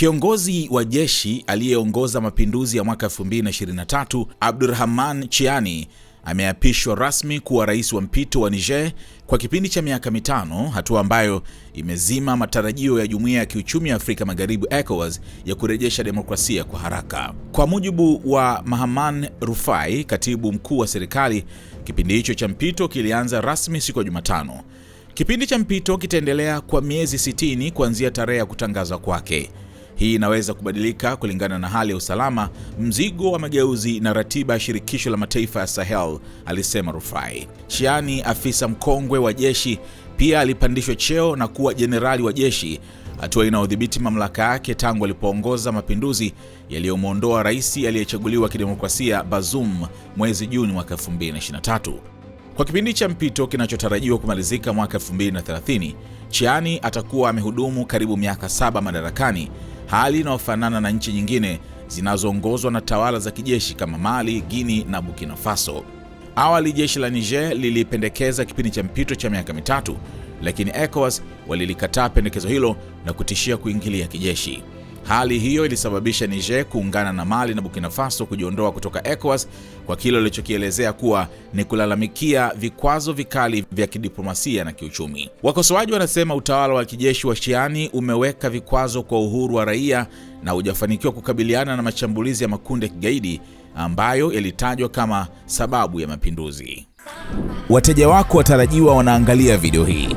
Kiongozi wa jeshi aliyeongoza mapinduzi ya mwaka 2023, Abdurrahman Chiani ameapishwa rasmi kuwa rais wa mpito wa Niger kwa kipindi cha miaka mitano, hatua ambayo imezima matarajio ya Jumuiya ya Kiuchumi ya Afrika Magharibi ECOWAS ya kurejesha demokrasia kwa haraka. Kwa mujibu wa Mahaman Rufai, katibu mkuu wa serikali, kipindi hicho cha mpito kilianza rasmi siku ya Jumatano. Kipindi cha mpito kitaendelea kwa miezi 60 kuanzia tarehe ya kutangazwa kwake. Hii inaweza kubadilika kulingana na hali ya usalama, mzigo wa mageuzi na ratiba ya shirikisho la mataifa ya Sahel, alisema Rufai. Shiani, afisa mkongwe wa jeshi, pia alipandishwa cheo na kuwa jenerali wa jeshi, hatua inayodhibiti mamlaka yake tangu alipoongoza mapinduzi yaliyomwondoa rais aliyechaguliwa kidemokrasia Bazoum mwezi Juni mwaka 2023. Kwa kipindi cha mpito kinachotarajiwa kumalizika mwaka 2030, Chiani atakuwa amehudumu karibu miaka saba madarakani hali inayofanana na nchi nyingine zinazoongozwa na tawala za kijeshi kama Mali, guini na Burkina Faso. Awali jeshi la Niger lilipendekeza kipindi cha mpito cha miaka mitatu, lakini ECOWAS walilikataa pendekezo hilo na kutishia kuingilia kijeshi. Hali hiyo ilisababisha Niger kuungana na Mali na Burkina Faso kujiondoa kutoka ECOWAS kwa kile walichokielezea kuwa ni kulalamikia vikwazo vikali vya kidiplomasia na kiuchumi. Wakosoaji wanasema utawala wa kijeshi wa Shiani umeweka vikwazo kwa uhuru wa raia na hujafanikiwa kukabiliana na mashambulizi ya makundi ya kigaidi ambayo yalitajwa kama sababu ya mapinduzi. Wateja wako watarajiwa wanaangalia video hii.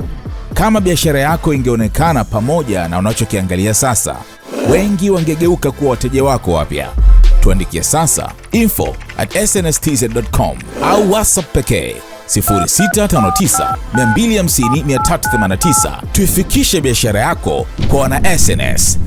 Kama biashara yako ingeonekana pamoja na unachokiangalia sasa, wengi wangegeuka kuwa wateja wako wapya. Tuandikie sasa info at snstz.com au whatsapp pekee 659 250 389. Tuifikishe biashara yako kwa wana SNS.